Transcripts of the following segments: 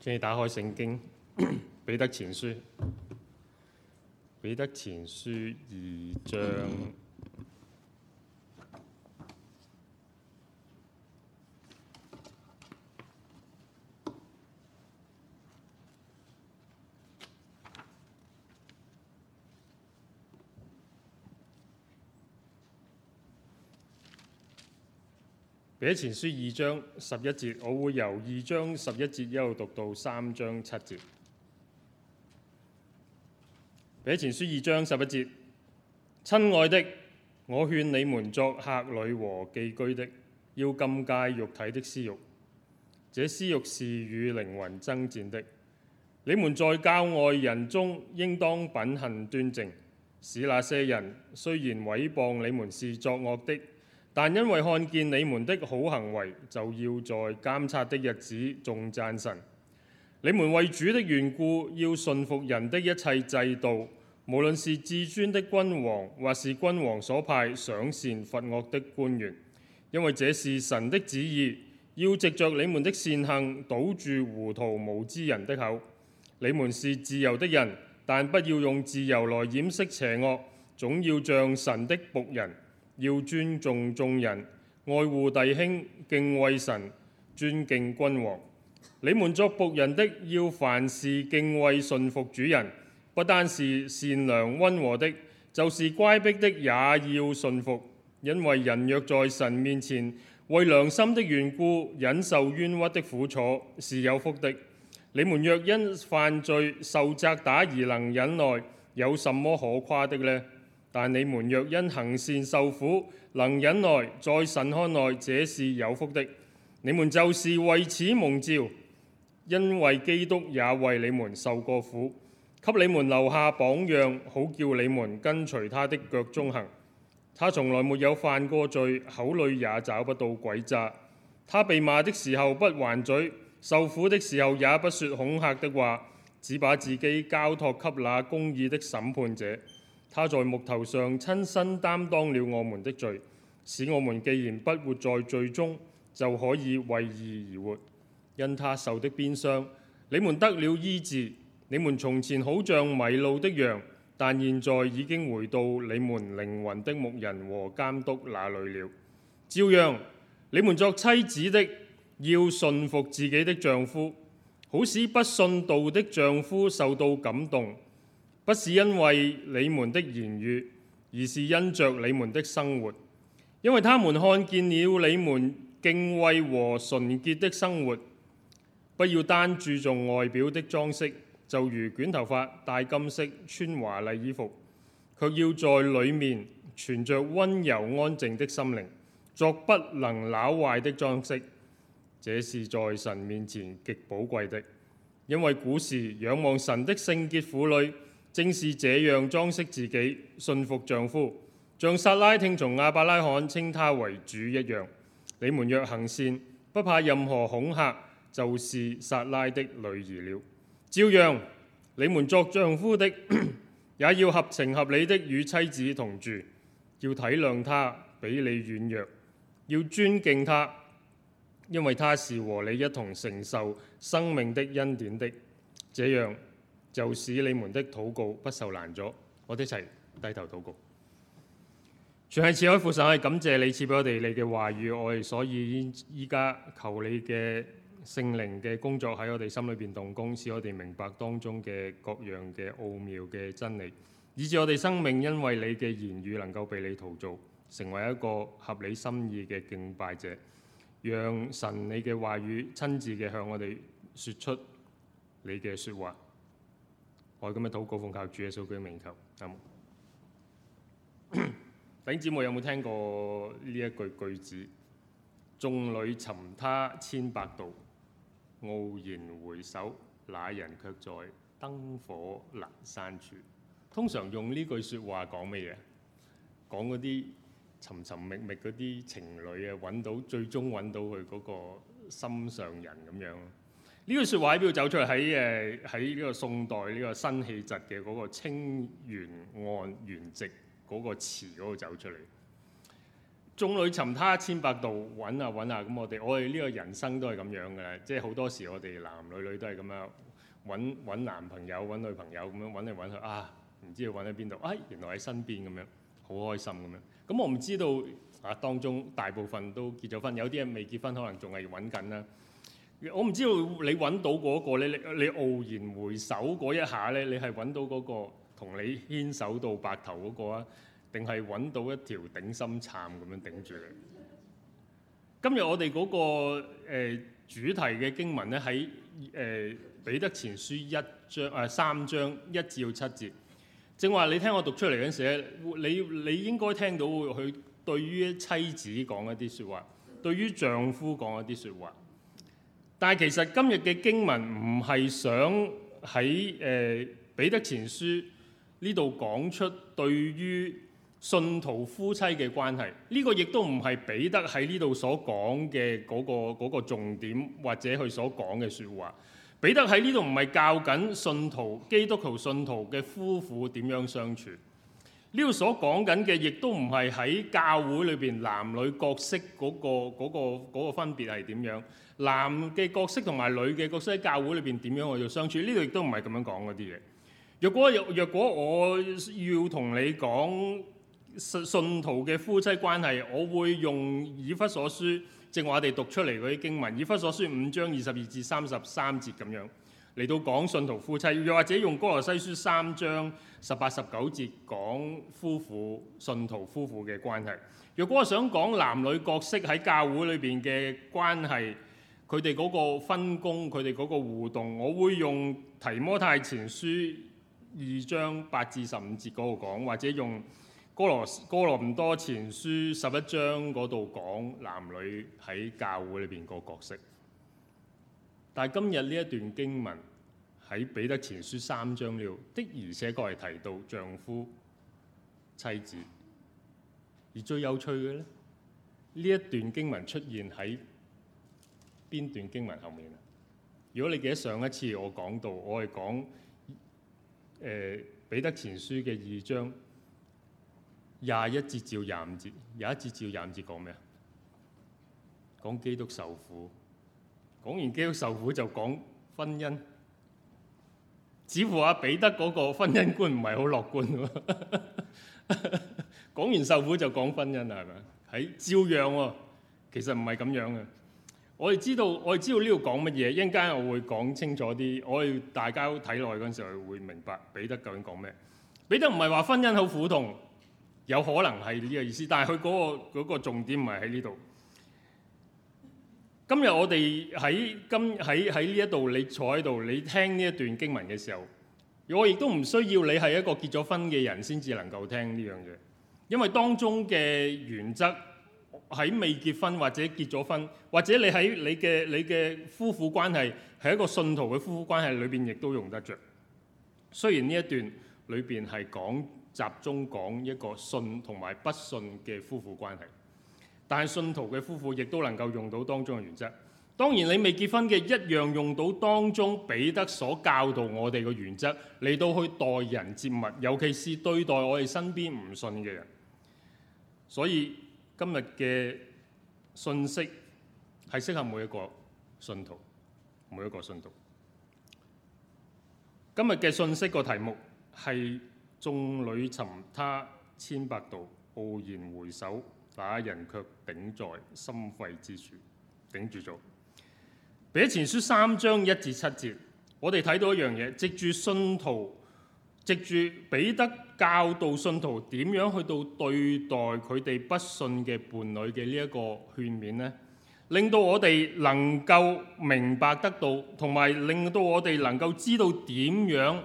請你打開聖經《彼得前書》，彼得前書二章。嗯《彼前書》二章十一節，我會由二章十一節一路讀到三章七節。《彼前書》二章十一節，親愛的，我勸你們作客旅和寄居的，要禁戒肉體的私慾。這私慾是與靈魂爭戰的。你們在教外人中，應當品行端正，使那些人雖然毀謗你們是作惡的。但因為看見你們的好行為，就要在監察的日子重讚神。你們為主的緣故，要順服人的一切制度，無論是至尊的君王，或是君王所派賞善罰惡的官員，因為這是神的旨意。要藉着你們的善行，堵住糊塗無知人的口。你們是自由的人，但不要用自由來掩飾邪惡，總要像神的僕人。要尊重眾人，愛護弟兄，敬畏神，尊敬君王。你們作僕人的，要凡事敬畏順服主人，不單是善良溫和的，就是乖僻的也要順服，因為人若在神面前為良心的緣故忍受冤屈的苦楚是有福的。你們若因犯罪受責打而能忍耐，有什麼可誇的呢？但你們若因行善受苦，能忍耐，在神看來這是有福的。你們就是為此蒙召，因為基督也為你們受過苦，給你們留下榜樣，好叫你們跟隨他的腳蹤行。他從來沒有犯過罪，口裏也找不到詭詐，他被罵的時候不還嘴，受苦的時候也不說恐吓的話，只把自己交託給那公義的審判者。他在木頭上親身擔當了我們的罪，使我們既然不活在罪中，就可以為義而活。因他受的鞭傷，你們得了醫治。你們從前好像迷路的羊，但現在已經回到你們靈魂的牧人和監督那裡了。照樣，你們作妻子的要順服自己的丈夫，好使不信道的丈夫受到感動。不是因為你們的言語，而是因着你們的生活，因為他們看見了你們敬畏和純潔的生活。不要單注重外表的裝飾，就如捲頭髮、戴金飾、穿華麗衣服，却要在裏面存着温柔安靜的心靈，作不能朽壞的裝飾。這是在神面前極寶貴的，因為古時仰望神的聖潔婦女。正是這樣裝飾自己，信服丈夫，像撒拉聽從亞伯拉罕稱他為主一樣。你們若行善，不怕任何恐嚇，就是撒拉的女兒了。照樣，你們作丈夫的咳咳也要合情合理的與妻子同住，要體諒她比你軟弱，要尊敬她，因為她是和你一同承受生命的恩典的。這樣，就使你們的禱告不受攔阻，我哋一齊低頭禱告。全係慈愛父神，感謝你賜俾我哋你嘅話語，我哋所以依家求你嘅聖靈嘅工作喺我哋心裏邊動工，使我哋明白當中嘅各樣嘅奧妙嘅真理，以致我哋生命因為你嘅言語能夠被你陶造，成為一個合理心意嘅敬拜者。讓神你嘅話語親自嘅向我哋說出你嘅説話。我今日禱告奉靠主耶穌基督名求。咁，弟兄姊妹有冇聽過呢一句句子？眾裏尋他千百度，驀然回首，那人卻在燈火闌珊處。通常用呢句説話講咩嘢？講嗰啲尋尋覓覓嗰啲情侶啊，揾到最終揾到佢嗰個心上人咁樣。呢句説話喺邊度走出嚟？喺誒喺呢個宋代呢、這個辛棄疾嘅嗰個青玉案元夕嗰個詞嗰度走出嚟。眾裏尋他千百度，揾啊揾啊！咁我哋我哋呢個人生都係咁樣㗎啦，即係好多時候我哋男女女都係咁啊，揾揾男朋友揾女朋友咁樣揾嚟揾去啊，唔知要揾喺邊度？哎、啊，原來喺身邊咁樣，好開心咁樣。咁我唔知道啊，當中大部分都結咗婚，有啲人未結婚可能仲係揾緊啦。我唔知道你揾到嗰個咧，你你驀然回首嗰一下咧，你係揾到嗰個同你牽手到白頭嗰個啊，定係揾到一條頂心杉咁樣頂住你？今日我哋嗰個、呃、主題嘅經文咧，喺誒彼得前書一章啊三章一至到七節，正話你聽我讀出嚟嗰陣時咧，你你應該聽到佢對於妻子講一啲説話，對於丈夫講一啲説話。但係其實今日嘅經文唔係想喺誒彼得前書呢度講出對於信徒夫妻嘅關係，呢個亦都唔係彼得喺呢度所講嘅嗰個重點，或者佢所講嘅説話。彼得喺呢度唔係教緊信徒基督徒信徒嘅夫婦點樣相處，呢度所講緊嘅亦都唔係喺教會裏邊男女角色嗰個嗰個嗰個分別係點樣，男嘅角色同埋女嘅角色喺教會裏邊點樣去度相處？呢度亦都唔係咁樣講嗰啲嘢。若果若果我要同你講信徒嘅夫妻關係，我會用以弗所書，正話我哋讀出嚟嗰啲經文，以弗所書五章二十二至三十三節咁樣嚟到講信徒夫妻，又或者用哥羅西書三章十八十九節講夫婦信徒夫婦嘅關係。若果我想講男女角色喺教會裏邊嘅關係，佢哋嗰個分工，佢哋嗰個互動，我會用提摩太前書二章八至十五節嗰度講，或者用哥羅哥羅林多前書十一章嗰度講男女喺教會裏邊個角色。但係今日呢一段經文喺彼得前書三章了，的而且確係提到丈夫、妻子。而最有趣嘅咧，呢一段經文出現喺邊段經文後面啊？如果你記得上一次我講到，我係講誒彼得前書嘅二章廿一節至廿五節，廿一節至廿五節講咩啊？講基督受苦，講完基督受苦就講婚姻，似乎阿、啊、彼得嗰個婚姻觀唔係好樂觀喎。講 完受苦就講婚姻啦，係咪啊？係照樣喎、啊，其實唔係咁樣嘅。我哋知道，我哋知道呢度講乜嘢，一陣間我會講清楚啲，我哋大家睇落去嗰陣時候會明白彼得究竟講咩。彼得唔係話婚姻好苦痛，有可能係呢個意思，但係佢嗰個嗰個重點唔係喺呢度。今日我哋喺今喺喺呢一度，你坐喺度，你聽呢一段經文嘅時候，我亦都唔需要你係一個結咗婚嘅人先至能夠聽呢樣嘢，因為當中嘅原則。喺未結婚或者結咗婚，或者你喺你嘅你嘅夫婦關係，喺一個信徒嘅夫婦關係裏邊，亦都用得着。雖然呢一段裏邊係講集中講一個信同埋不信嘅夫婦關係，但係信徒嘅夫婦亦都能夠用到當中嘅原則。當然，你未結婚嘅一樣用到當中彼得所教導我哋嘅原則嚟到去待人接物，尤其是對待我哋身邊唔信嘅人。所以今日嘅信息係適合每一個信徒，每一個信徒。今日嘅信息個題目係眾裏尋他千百度，驀然回首，那人卻頂在心肺之處，頂住咗。彼得前書三章一至七節，我哋睇到一樣嘢，藉住信徒。藉住彼得教導信徒點樣去到對待佢哋不信嘅伴侶嘅呢一個勸勉呢？令到我哋能夠明白得到，同埋令到我哋能夠知道點樣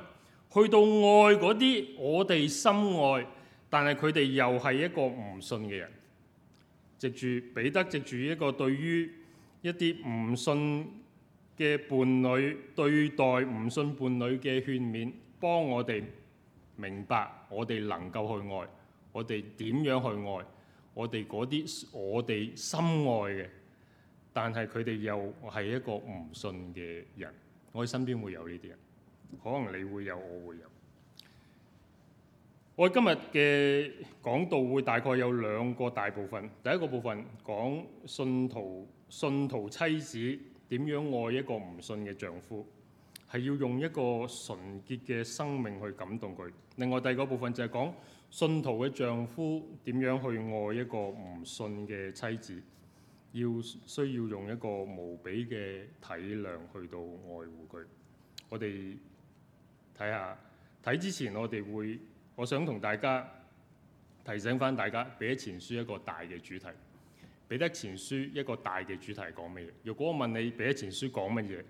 去到愛嗰啲我哋深愛，但係佢哋又係一個唔信嘅人。藉住彼得，藉住一個對於一啲唔信嘅伴侶對待唔信伴侶嘅勸勉。幫我哋明白我哋能夠去愛，我哋點樣去愛，我哋嗰啲我哋深愛嘅，但係佢哋又係一個唔信嘅人。我哋身邊會有呢啲人，可能你會有，我會有。我今日嘅講道會大概有兩個大部分，第一個部分講信徒、信徒妻子點樣愛一個唔信嘅丈夫。係要用一個純潔嘅生命去感動佢。另外第二個部分就係講信徒嘅丈夫點樣去愛一個唔信嘅妻子，要需要用一個無比嘅體諒去到愛護佢。我哋睇下睇之前，我哋會我想同大家提醒返大家，彼得前書一個大嘅主題，彼得前書一個大嘅主題係講乜嘢？如果我問你彼得前書講乜嘢？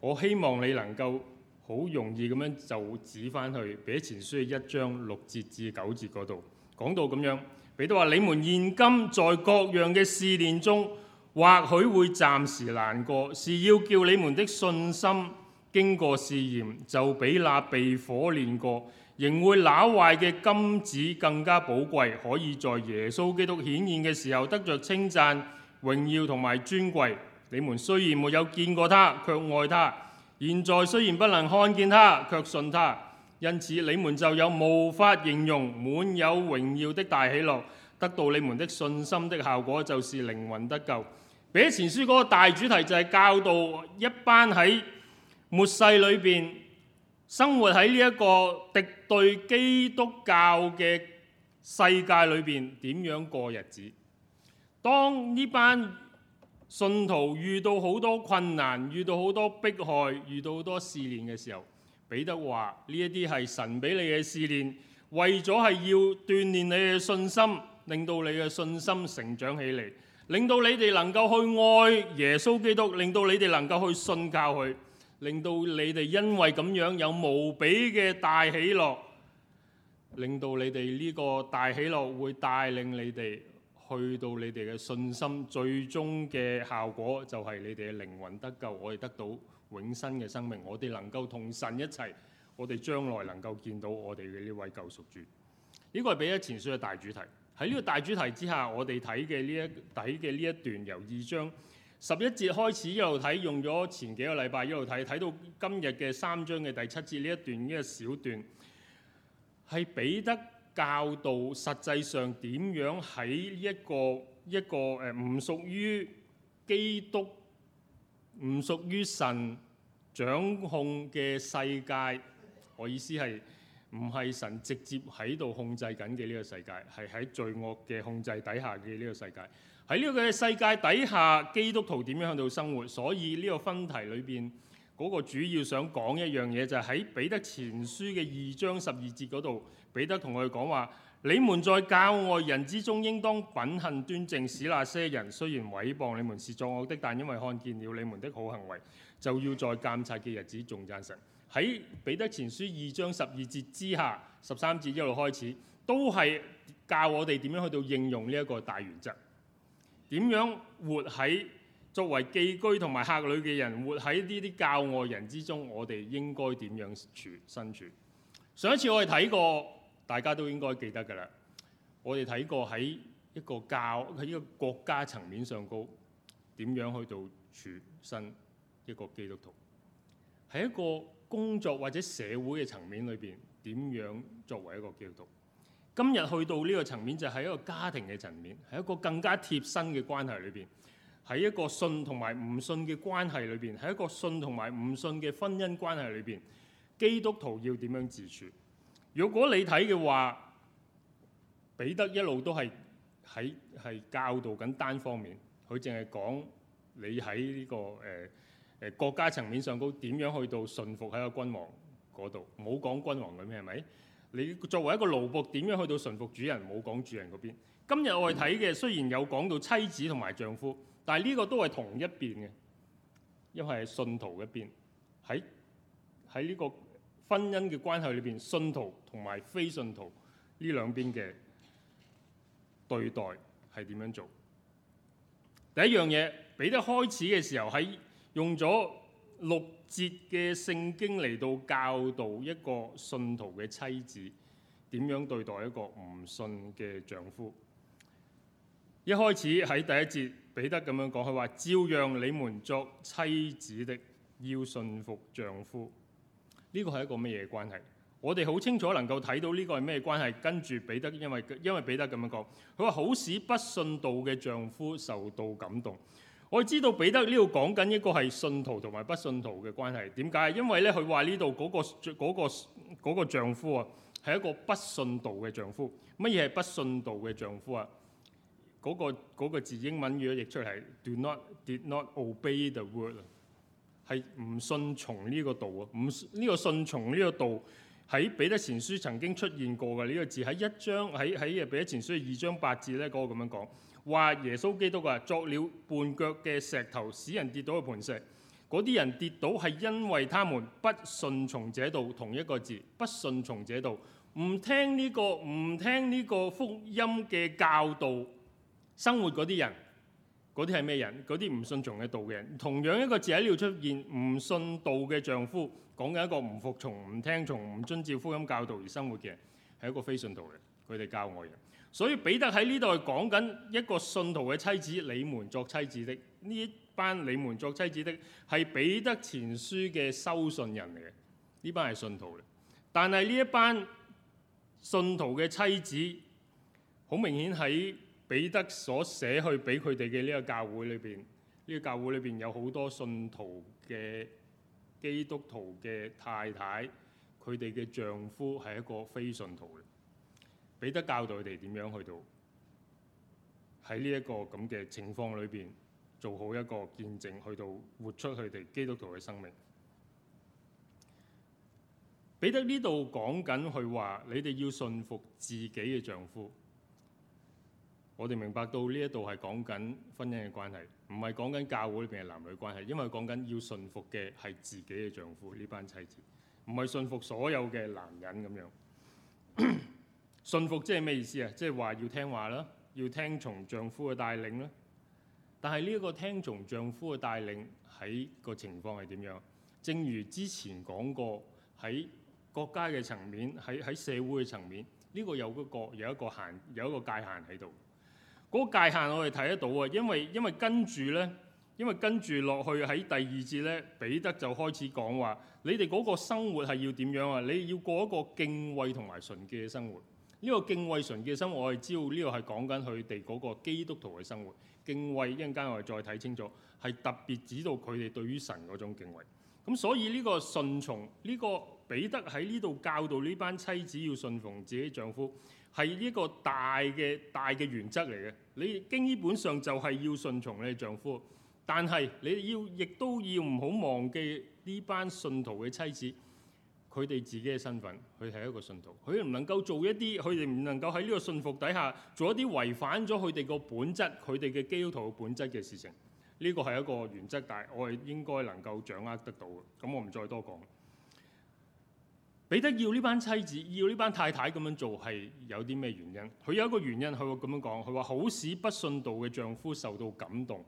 我希望你能夠好容易咁樣就指翻去，彼得前書一章六節至九節嗰度講到咁樣，彼得話：你們現今在各樣嘅試煉中，或許會暫時難過，是要叫你們的信心經過試驗，就比那被火煉過、仍會攪壞嘅金子更加寶貴，可以在耶穌基督顯現嘅時候得着稱讚、榮耀同埋尊貴。你們雖然沒有見過他，卻愛他；現在雖然不能看見他，卻信他。因此你們就有無法形容滿有榮耀的大喜樂。得到你們的信心的效果，就是靈魂得救。彼得前書嗰個大主題就係教導一班喺末世裏邊生活，喺呢一個敵對基督教嘅世界裏邊點樣過日子。當呢班信徒遇到好多困難，遇到好多迫害，遇到好多試煉嘅時候，彼得話，呢一啲係神俾你嘅試煉，為咗係要鍛鍊你嘅信心，令到你嘅信心成長起來，令到你哋能夠去愛耶穌基督，令到你哋能夠去信靠佢，令到你哋因為咁樣有無比嘅大喜樂，令到你哋呢個大喜樂會帶領你哋去到你哋嘅信心，最終嘅效果就係你哋嘅靈魂得救，我哋得到永生嘅生命，我哋能夠同神一齊，我哋將來能夠見到我哋嘅呢位救贖主。呢、這個係彼得前書嘅大主題，喺呢個大主題之下，我哋睇嘅呢一底嘅呢一段，由二章十一節開始一路睇，用咗前幾個禮拜一路睇，睇到今日嘅三章嘅第七節呢一段呢一小段，係彼得。教導實際上點樣喺一個一個誒唔屬於基督、唔屬於神掌控嘅世界？我意思係唔係神直接喺度控制緊嘅呢個世界，係喺罪惡嘅控制底下嘅呢個世界。喺呢個世界底下，基督徒點樣喺度生活？所以呢個分題裏邊。嗰、那個主要想講一樣嘢，就係、是、喺彼得前書嘅二章十二節嗰度，彼得同我哋講話：你們在教外人之中，應當品行端正，使那些人雖然毀謗你們是作惡的，但因為看見了你們的好行為，就要在監察嘅日子仲贊成：「喺彼得前書二章十二節之下十三節一路開始，都係教我哋點樣去到應用呢一個大原則，點樣活喺。作為寄居同埋客旅嘅人，活喺呢啲教外人之中，我哋應該點樣處身處？上一次我哋睇過，大家都應該記得㗎啦。我哋睇過喺一個教喺一個國家層面上高點樣去到處身一個基督徒，喺一個工作或者社會嘅層面裏邊點樣作為一個基督徒？今日去到呢個層面，就係一個家庭嘅層面，係一個更加貼身嘅關係裏邊。喺一個信同埋唔信嘅關係裏邊，喺一個信同埋唔信嘅婚姻關係裏邊，基督徒要點樣自處？如果你睇嘅話，彼得一路都係喺係教導緊單方面，佢淨係講你喺呢、這個誒誒、呃呃、國家層面上高點樣去到順服喺個君王嗰度，冇講君王裏面係咪？你作為一個奴僕，點樣去到順服主人，冇講主人嗰邊。今日我哋睇嘅雖然有講到妻子同埋丈夫。但係呢個都係同一邊嘅，因為係信徒一邊，喺喺呢個婚姻嘅關係裏邊，信徒同埋非信徒呢兩邊嘅對待係點樣做？第一樣嘢，彼得開始嘅時候，喺用咗六節嘅聖經嚟到教導一個信徒嘅妻子點樣對待一個唔信嘅丈夫。一開始喺第一節彼得咁樣講，佢話：照樣你們作妻子的要順服丈夫，呢個係一個乜嘢關係？我哋好清楚能夠睇到呢個係咩關係。跟住彼得因為因為彼得咁樣講，佢話，好使不信道嘅丈夫受到感動。我知道彼得呢度講緊一個係信徒同埋不信徒嘅關係。點解？因為呢、嗰個，佢話呢度嗰個嗰個、嗰個丈夫啊，係一個不信道嘅丈夫。乜嘢係不信道嘅丈夫啊？嗰、那個那個字英文語譯出嚟係 do not, did not obey the word，係唔順從呢個道啊。唔呢、這個順從呢個道喺彼得前書曾經出現過嘅呢、這個字喺一章喺喺彼得前書二章八字咧，哥、那、咁、個、樣講話耶穌基督啊，作了絆腳嘅石頭，使人跌倒嘅磐石。嗰啲人跌倒係因為他們不順從這道，同一個字不順從這道，唔聽呢、這個唔聽呢個福音嘅教導。生活嗰啲人，嗰啲係咩人？嗰啲唔信從嘅道嘅人，同樣一個字喺呢度出現，唔信道嘅丈夫講緊一個唔服從、唔聽從、唔遵照福音教導而生活嘅人，係一個非信徒嘅。佢哋教我嘅。所以彼得喺呢度係講緊一個信徒嘅妻子，你們作妻子的，呢班你們作妻子的係彼得前書嘅收信人嚟嘅，呢班係信徒嘅。但係呢一班信徒嘅妻子，好明顯喺。彼得所寫去俾佢哋嘅呢個教會裏邊，呢個教會裏邊有好多信徒嘅基督徒嘅太太，佢哋嘅丈夫係一個非信徒嘅。彼得教導佢哋點樣去到喺呢一個咁嘅情況裏邊，做好一個見證，去到活出佢哋基督徒嘅生命。彼得呢度講緊佢話，你哋要信服自己嘅丈夫。我哋明白到呢一度係講緊婚姻嘅關係，唔係講緊教會裏邊嘅男女關係，因為講緊要信服嘅係自己嘅丈夫呢班妻子，唔係信服所有嘅男人咁樣。 信服即係咩意思啊？即係話要聽話啦，要聽從丈夫嘅帶領啦。但係呢一個聽從丈夫嘅帶領喺個情況係點樣？正如之前講過，喺國家嘅層面，喺喺社會嘅層面，呢個有嗰個有一個，有一個限有一個界限喺度。嗰個界限我哋睇得到啊，因為因為跟住呢，因為跟住落去喺第二節呢，彼得就開始講話，你哋嗰個生活係要點樣啊？你要過一個敬畏同埋純潔嘅生活。呢個敬畏純潔嘅生活，我係知道呢個係講緊佢哋嗰個基督徒嘅生活，敬畏一陣間我哋再睇清楚，係特別指到佢哋對於神嗰種敬畏。咁所以呢個順從，呢個彼得喺呢度教導呢班妻子要順從自己丈夫，係呢個大嘅大嘅原則嚟嘅。你經基本上就係要順從你丈夫，但係你要亦都要唔好忘記呢班信徒嘅妻子，佢哋自己嘅身份，佢係一個信徒，佢唔能夠做一啲，佢哋唔能夠喺呢個信服底下做一啲違反咗佢哋個本質，佢哋嘅基督徒本質嘅事情。呢個係一個原則，但係我係應該能夠掌握得到嘅。咁我唔再多講。彼得要呢班妻子、要呢班太太咁樣做係有啲咩原因？佢有一個原因，佢會咁樣講，佢話好使不信道嘅丈夫受到感動。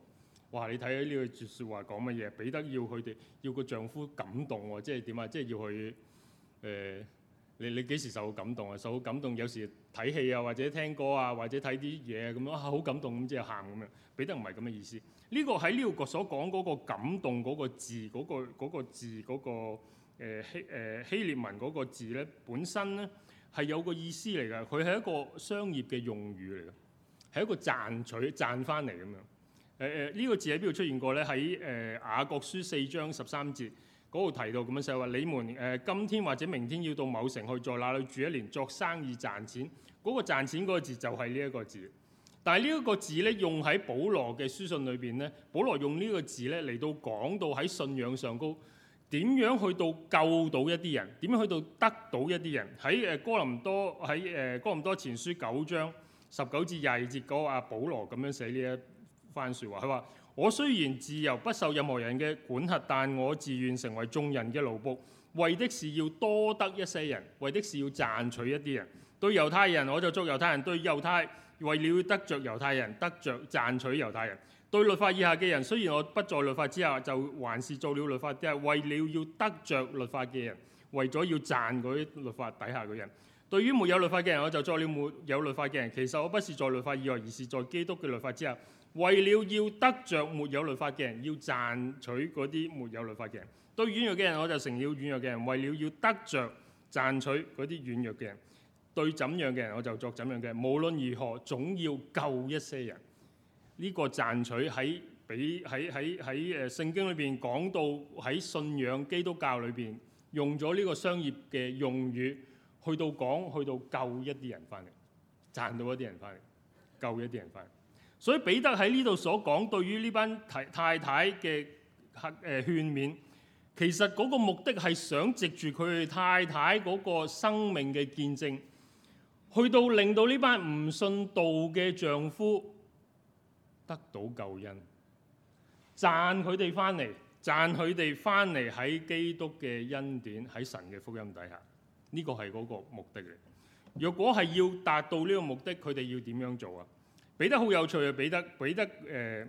哇！你睇下呢個説話講乜嘢？彼得要佢哋要個丈夫感動喎，即係點啊？即係要去誒、呃？你你幾時受到感動啊？受到感動有時睇戲啊，或者聽歌啊，或者睇啲嘢咁樣好感動咁即係喊咁樣。彼得唔係咁嘅意思。呢、這個喺呢度個所講嗰個感動嗰個字，嗰、那個那個字嗰、那個、呃、希誒、呃、希臘文嗰個字咧，本身咧係有個意思嚟嘅。佢係一個商業嘅用語嚟，係一個賺取賺翻嚟咁樣。呢、呃這個字喺邊度出現過咧？喺誒、呃《雅各書》四章十三節嗰度提到咁樣就係話：你們、呃、今天或者明天要到某城去，在那裡住一年作生意賺錢。嗰、那個賺錢嗰個字就係呢一個字。但係呢一個字咧，用喺保羅嘅書信裏邊咧，保羅用呢個字咧嚟到講到喺信仰上高，點樣去到救到一啲人，點樣去到得到一啲人，喺誒、呃、哥林多喺誒、呃、哥林多前書九章十九至廿二節嗰個阿保羅咁樣寫呢一番説話，佢話我雖然自由不受任何人嘅管轄，但我自願成為眾人嘅奴僕，為的是要多得一些人，為的是要賺取一啲人。對猶太人我就捉猶太人對猶太人，為了要得着猶太人，得着，賺取猶太人；對律法以下嘅人，雖然我不在律法之下，就還是做了律法之下。即係為了要得着律法嘅人，為咗要賺嗰啲律法底下嘅人。對於沒有律法嘅人，我就做了沒有律法嘅人。其實我不是在律法以外，而是在基督嘅律法之下。為了要得着，沒有律法嘅人，要賺取嗰啲沒有律法嘅人。對軟弱嘅人，我就成了軟弱嘅人。為了要得着，賺取嗰啲軟弱嘅人。對怎樣嘅人，我就作怎樣嘅。無論如何，總要救一些人。呢、這個賺取喺俾喺喺喺誒聖經裏邊講到喺信仰基督教裏邊用咗呢個商業嘅用語，去到講去到救一啲人翻嚟賺到一啲人翻嚟救一啲人翻嚟。所以彼得喺呢度所講，對於呢班太太嘅誒勸勉，其實嗰個目的係想藉住佢太太嗰個生命嘅見證。去到令到呢班唔信道嘅丈夫得到救恩，攢佢哋翻嚟，攢佢哋翻嚟喺基督嘅恩典，喺神嘅福音底下，呢、這個係嗰個目的嚟。若果係要達到呢個目的，佢哋要點樣做啊？彼得好有趣啊！彼得，彼得誒，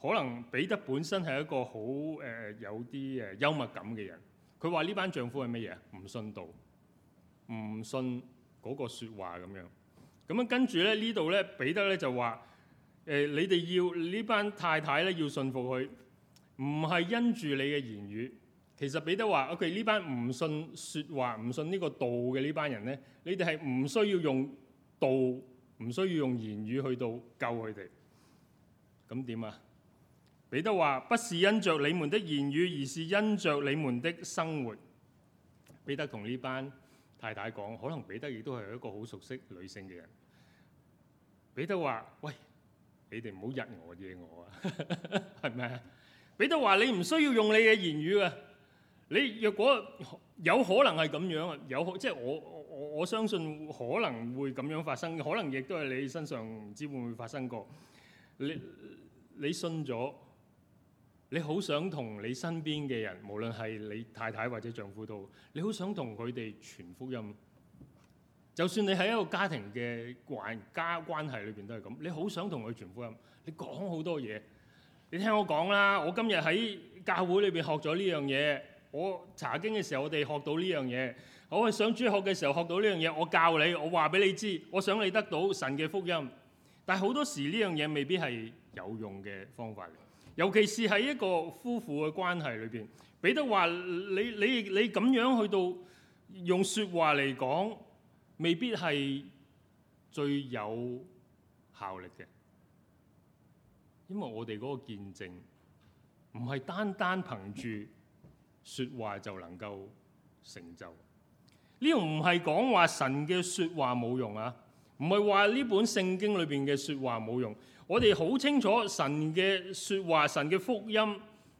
可能彼得本身係一個好誒、呃、有啲誒幽默感嘅人。佢話呢班丈夫係乜嘢？唔信道，唔信。嗰、那個説話咁樣，咁樣跟住咧，呢度咧，彼得咧就話：誒、呃，你哋要呢班太太咧要信服佢，唔係因住你嘅言語。其實彼得話：O.K. 呢班唔信説話、唔信呢個道嘅呢班人咧，你哋係唔需要用道，唔需要用言語去到救佢哋。咁點啊？彼得話：不是因着你們的言語，而是因着你們的生活。彼得同呢班太太講，可能彼得亦都係一個好熟悉女性嘅人。彼得話：喂，你哋唔好日我惹我啊，係咪啊？彼得話：你唔需要用你嘅言語啊。」你若果有可能係咁樣啊，有即係、就是、我我我相信可能會咁樣發生，可能亦都係你身上唔知會唔會發生過。你你信咗。你好想同你身邊嘅人，無論係你太太或者丈夫都好，你好想同佢哋傳福音。就算你喺一個家庭嘅環家關係裏邊都係咁，你好想同佢傳福音。你講好多嘢，你聽我講啦。我今日喺教會裏邊學咗呢樣嘢，我查經嘅時候我哋學到呢樣嘢。我係上主日學嘅時候學到呢樣嘢。我教你，我話俾你知，我想你得到神嘅福音。但係好多時呢樣嘢未必係有用嘅方法嚟。尤其是喺一個夫婦嘅關係裏邊，彼得話，你你你咁樣去到用説話嚟講，未必係最有效力嘅，因為我哋嗰個見證唔係單單憑住説話就能夠成就。呢個唔係講話神嘅説話冇用啊，唔係話呢本聖經裏邊嘅説話冇用。我哋好清楚神嘅說話，神嘅福音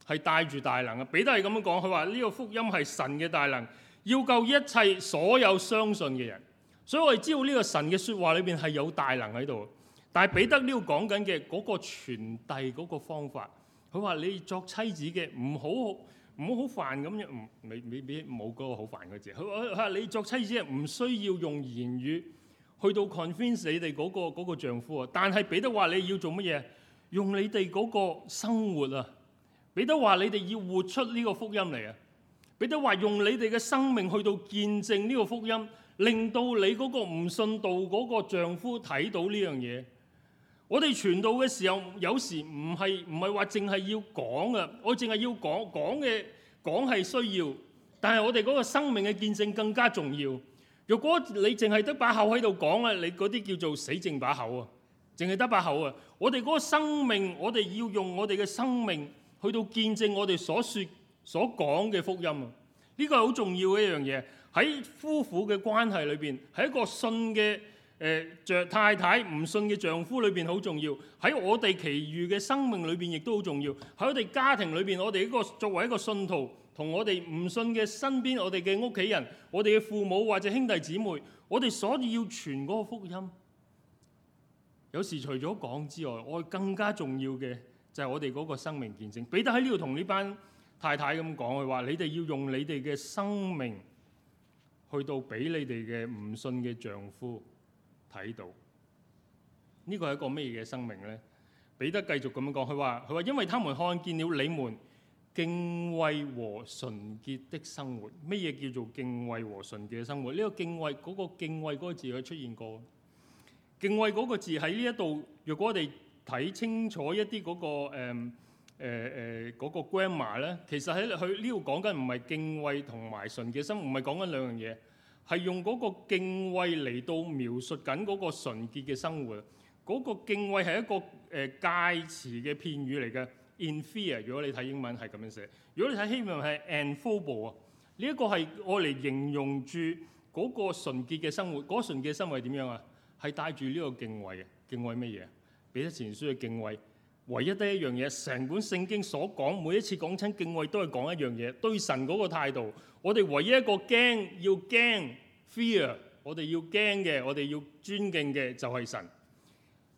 係帶住大能嘅。彼得係咁樣講，佢話呢個福音係神嘅大能，要救一切所有相信嘅人。所以我哋知道呢個神嘅說話裏面係有大能喺度。但係彼得呢度講緊嘅嗰個傳遞嗰個方法，佢話你作妻子嘅唔好唔好煩咁樣，唔，唔，唔，冇嗰個好煩嘅字。佢話你作妻子唔需要用言語去到 convince 你哋嗰個嗰個丈夫啊，但係彼得話，你要做乜嘢？用你哋嗰個生活啊，彼得話，你哋要活出呢個福音嚟啊！彼得話，用你哋嘅生命去到見證呢個福音，令到你嗰個唔信道嗰個丈夫睇到呢樣嘢。我哋傳道嘅時候，有時唔係唔係話淨係要講啊，我淨係要講，講嘅講係需要，但係我哋嗰個生命嘅見證更加重要。如果你淨係得把口喺度講啊，你嗰啲叫做死剩把口啊，淨係得把口啊！我哋嗰個生命，我哋要用我哋嘅生命去到見證我哋所説所講嘅福音啊！呢、呢個係好重要嘅一樣嘢。喺夫婦嘅關係裏邊，喺一個信嘅誒、呃、著太太唔信嘅丈夫裏邊好重要。喺我哋其餘嘅生命裏邊亦都好重要。喺我哋家庭裏邊，我哋呢個作為一個信徒。同我哋唔信嘅身邊，我哋嘅屋企人、我哋嘅父母或者兄弟姊妹，我哋所以要傳嗰個福音。有時除咗講之外，我更加重要嘅就係我哋嗰個生命見證。彼得喺呢度同呢班太太咁講，佢話：你哋要用你哋嘅生命去到俾你哋嘅唔信嘅丈夫睇到。呢個係一個咩嘢嘅生命咧？彼得繼續咁樣講，佢話：佢話因為他們看見了你們。敬畏和純潔的生活。咩嘢叫做敬畏和純潔嘅生活？呢個敬畏，嗰個敬畏嗰個字佢出現過。敬畏嗰個字喺呢一度，若果我哋睇清楚一啲嗰個誒誒誒嗰個 grammar 咧，其實喺佢呢度講緊唔係敬畏同埋純潔嘅生，唔係講緊兩樣嘢，係用嗰個敬畏嚟到描述緊嗰個純潔嘅生活。嗰個敬畏係一個誒介詞嘅片語嚟嘅。In fear，如果你睇英文係咁樣寫，如果你睇希文係 en phobo 啊，呢一個係我嚟形容住嗰個純潔嘅生活。嗰純潔嘅生活係點樣啊？係帶住呢個敬畏。敬畏咩嘢？彼得前書嘅敬畏，唯一得一樣嘢，成本聖經所講每一次講親敬畏都係講一樣嘢，對神嗰個態度。我哋唯一一個驚要驚 fear，我哋要驚嘅，我哋要尊敬嘅就係神，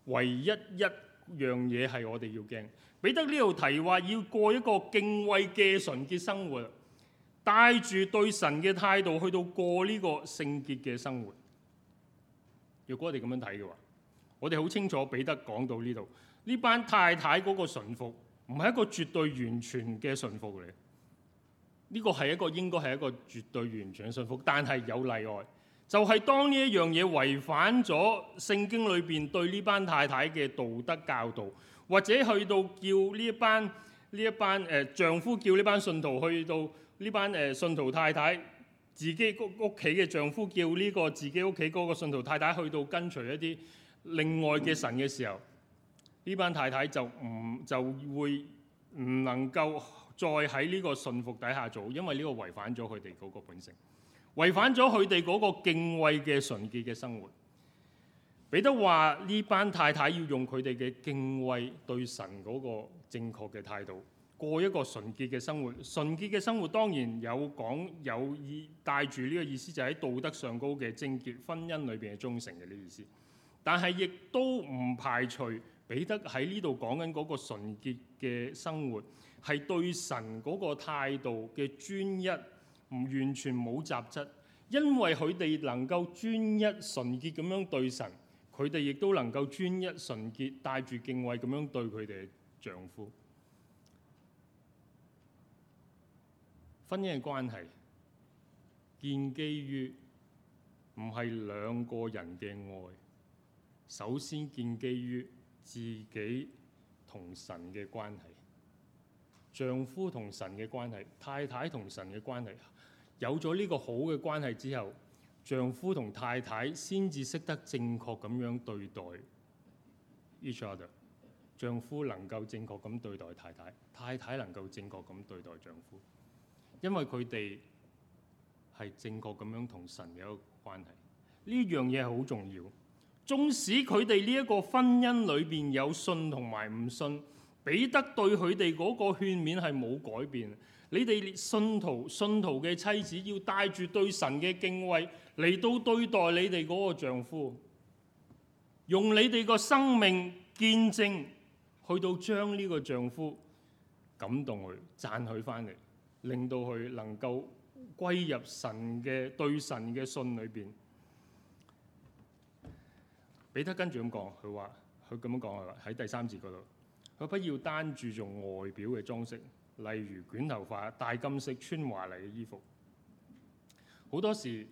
唯一一樣嘢係我哋要驚。彼得呢度提話要過一個敬畏嘅純潔生活，帶住對神嘅態度去到過呢個聖潔嘅生活。若果我哋咁樣睇嘅話，我哋好清楚彼得講到呢度，呢班太太嗰個順服唔係一個絕對完全嘅順服嚟，呢個係一個應該係一個絕對完全嘅順服，但係有例外，就係、是、當呢一樣嘢違反咗聖經裏邊對呢班太太嘅道德教導。或者去到叫呢一班呢一班誒、呃、丈夫叫呢班信徒去到呢班誒、呃、信徒太太自己屋企嘅丈夫叫呢個自己屋企嗰個信徒太太去到跟隨一啲另外嘅神嘅時候，呢班太太就唔就會唔能夠再喺呢個信服底下做，因為呢個違反咗佢哋嗰個本性，違反咗佢哋嗰個敬畏嘅純潔嘅生活。彼得話：呢班太太要用佢哋嘅敬畏對神嗰個正確嘅態度，過一個純潔嘅生活。純潔嘅生活當然有講有意帶住呢個意思，就喺道德上高嘅貞潔婚姻裏邊嘅忠誠嘅呢個意思。但係亦都唔排除彼得喺呢度講緊嗰個純潔嘅生活係對神嗰個態度嘅專一，唔完全冇雜質，因為佢哋能夠專一純潔咁樣對神。佢哋亦都能夠專一純潔，帶住敬畏咁樣對佢哋丈夫。婚姻嘅關係建基於唔係兩個人嘅愛，首先建基於自己同神嘅關係，丈夫同神嘅關係，太太同神嘅關係。有咗呢個好嘅關係之後，丈夫同太太先至識得正確咁樣對待，Each other，丈夫能夠正確咁對待太太，太太能夠正確咁對待丈夫，因為佢哋係正確咁樣同神有關係。呢樣嘢好重要。縱使佢哋呢一個婚姻裏邊有信同埋唔信，彼得對佢哋嗰個勸勉係冇改變。你哋信徒、信徒嘅妻子要帶住對神嘅敬畏嚟到對待你哋嗰個丈夫，用你哋個生命見證，去到將呢個丈夫感動去讚佢翻嚟，令到佢能夠歸入神嘅對神嘅信裏邊。彼得跟住咁講，佢話佢咁樣講係啦，喺第三節嗰度，佢不要單注重外表嘅裝飾。例如捲頭髮、戴金飾、穿華麗嘅衣服，好多時，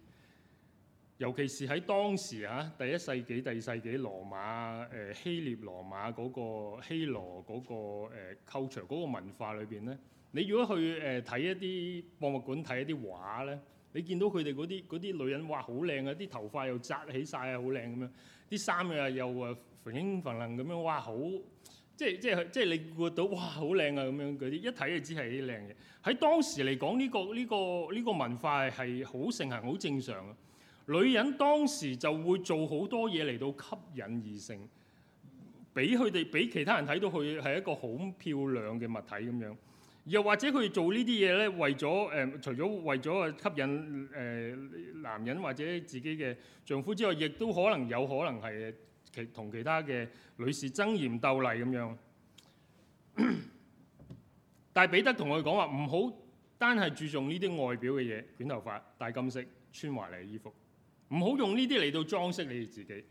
尤其是喺當時啊，第一世紀、第二世紀羅馬、誒、啊、希臘、羅馬嗰、嗰個希羅嗰、嗰個誒構造嗰個文化裏邊咧，你如果去誒睇、啊、一啲博物館睇一啲畫咧，你見到佢哋嗰啲啲女人，哇好靚啊！啲頭髮又紮起晒啊，好靚咁樣，啲衫啊又誒繁英繁能咁樣，哇好～很即係即係即係你覺到哇好靚啊，咁樣嗰啲，一睇就知係啲靚嘢。喺當時嚟講呢個呢、呢個呢、呢個文化係好盛行，好正常啊。女人當時就會做好多嘢嚟到吸引異性，俾佢哋俾其他人睇到佢係一個好漂亮嘅物體咁樣。又或者佢做呢啲嘢咧，為咗誒、呃、除咗為咗吸引誒、呃、男人或者自己嘅丈夫之外，亦都可能有可能係。其同其他嘅女士爭妍鬥麗咁樣， 但係彼得同佢講話，唔好單係注重呢啲外表嘅嘢，捲頭髮、戴金飾、穿華麗嘅衣服，唔好用呢啲嚟到裝飾你自己。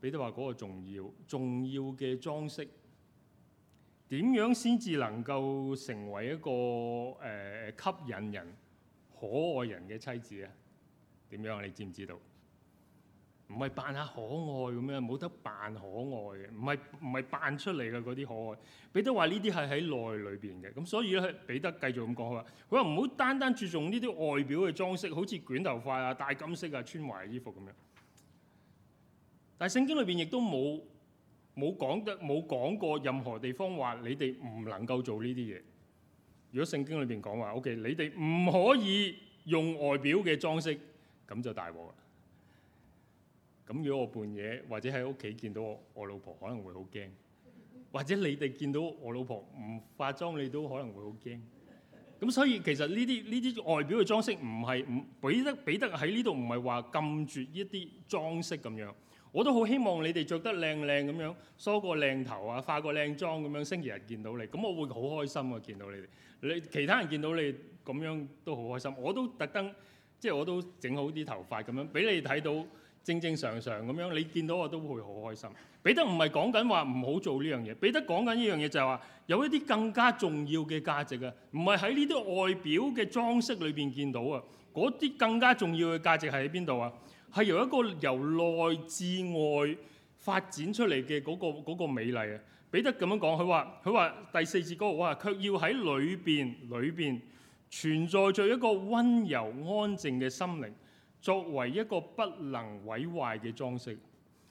彼得話嗰個重要，重要嘅裝飾點樣先至能夠成為一個誒、呃、吸引人、可愛人嘅妻子啊？點樣？你知唔知道？唔係扮下可愛咁樣，冇得扮可愛嘅，唔係唔係扮出嚟嘅嗰啲可愛。彼得話呢啲係喺內裏邊嘅，咁所以咧，彼得繼續咁講話，佢話唔好單單注重呢啲外表嘅裝飾，好似捲頭髮啊、戴金色啊、穿壞衣服咁樣。但係聖經裏邊亦都冇冇講得冇講過任何地方話你哋唔能夠做呢啲嘢。如果聖經裏邊講話，OK，你哋唔可以用外表嘅裝飾，咁就大鑊啦。咁如果我半夜或者喺屋企見到我，我老婆可能會好驚，或者你哋見到我老婆唔化妝，你都可能會好驚。咁所以其實呢啲呢啲外表嘅裝飾唔係唔俾得俾得，喺呢度唔係話禁住一啲裝飾咁樣。我都好希望你哋着得靚靚咁樣，梳個靚頭啊，化個靚妝咁樣，星期日見到你，咁我會好開心啊，見到你哋。你其他人見到你咁樣都好開心，我都特登即係我都整好啲頭髮咁樣俾你睇到。正正常常咁樣，你見到我都會好開心。彼得唔係講緊話唔好做呢樣嘢，彼得講緊呢樣嘢就係話有一啲更加重要嘅價值啊，唔係喺呢啲外表嘅裝飾裏邊見到啊，嗰啲更加重要嘅價值係喺邊度啊？係由一個由內至外發展出嚟嘅嗰個嗰個美麗啊！彼得咁樣講，佢話佢話第四節嗰個話，卻要喺裏邊裏邊存在著一個温柔安靜嘅心靈。作為一個不能毀壞嘅裝飾，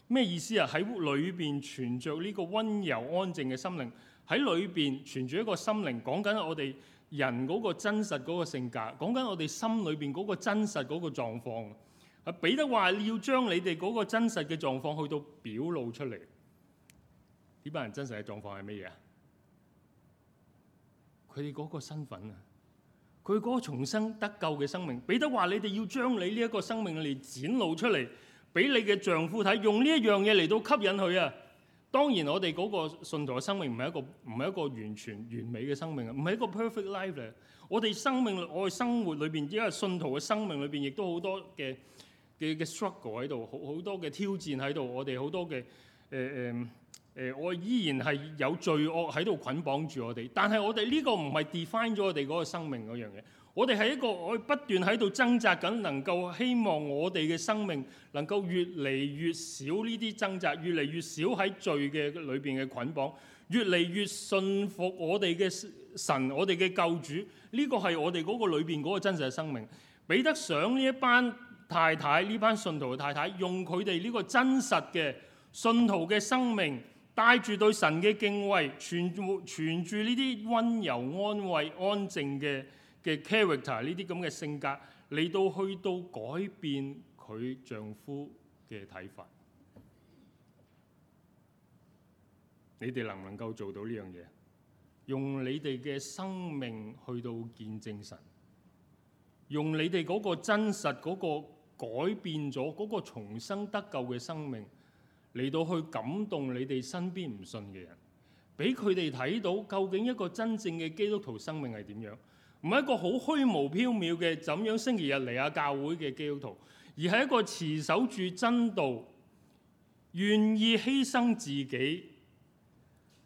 咩意思啊？喺裏面存着呢個温柔安靜嘅心靈，喺裏面存着一個心靈，講緊我哋人嗰個真實嗰個性格，講緊我哋心裏面嗰個真實嗰個狀況。阿彼得話要將你哋嗰個真實嘅狀況去到表露出嚟，呢班人真實嘅狀況係咩嘢啊？佢哋嗰個身份。佢嗰個重生得救嘅生命，彼得話：你哋要將你呢一個生命嚟展露出嚟，俾你嘅丈夫睇，用呢一樣嘢嚟到吸引佢啊！當然，我哋嗰個信徒嘅生命唔係一個唔係一個完全完美嘅生命啊，唔係一個 perfect life 嚟。我哋生命我哋生活裏邊，因為信徒嘅生命裏邊亦都好多嘅嘅嘅 struggle 喺度，好好多嘅挑戰喺度，我哋好多嘅誒誒。呃呃誒、呃，我依然係有罪惡喺度捆綁住我哋，但係我哋呢、這個唔係 define 咗我哋嗰個生命嗰樣嘢。我哋係一個我不斷喺度掙扎緊，能夠希望我哋嘅生命能夠越嚟越少呢啲掙扎，越嚟越少喺罪嘅裏邊嘅捆綁，越嚟越信服我哋嘅神，我哋嘅救主。呢、這個係我哋嗰個裏邊嗰個真實嘅生命。彼得上呢一班太太，呢班信徒嘅太太，用佢哋呢個真實嘅信徒嘅生命。帶住對神嘅敬畏，傳住傳住呢啲溫柔、安慰、安靜嘅嘅 character，呢啲咁嘅性格嚟到去到改變佢丈夫嘅睇法。你哋能唔能夠做到呢樣嘢？用你哋嘅生命去到見證神，用你哋嗰個真實嗰個改變咗嗰個重生得救嘅生命。嚟到去感動你哋身邊唔信嘅人，俾佢哋睇到究竟一個真正嘅基督徒生命係點樣，唔係一個好虛無縹緲嘅怎樣星期日嚟下教會嘅基督徒，而係一個持守住真道、願意犧牲自己、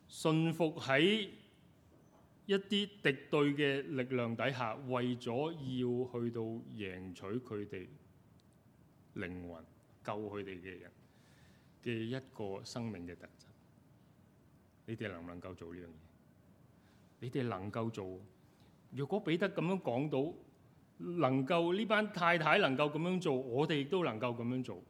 信服喺一啲敵對嘅力量底下，為咗要去到贏取佢哋靈魂救佢哋嘅人。嘅一個生命嘅特質，你哋能唔能夠做呢樣嘢？你哋能夠做，如果彼得咁樣講到，能夠呢班太太能夠咁樣做，我哋亦都能夠咁樣做。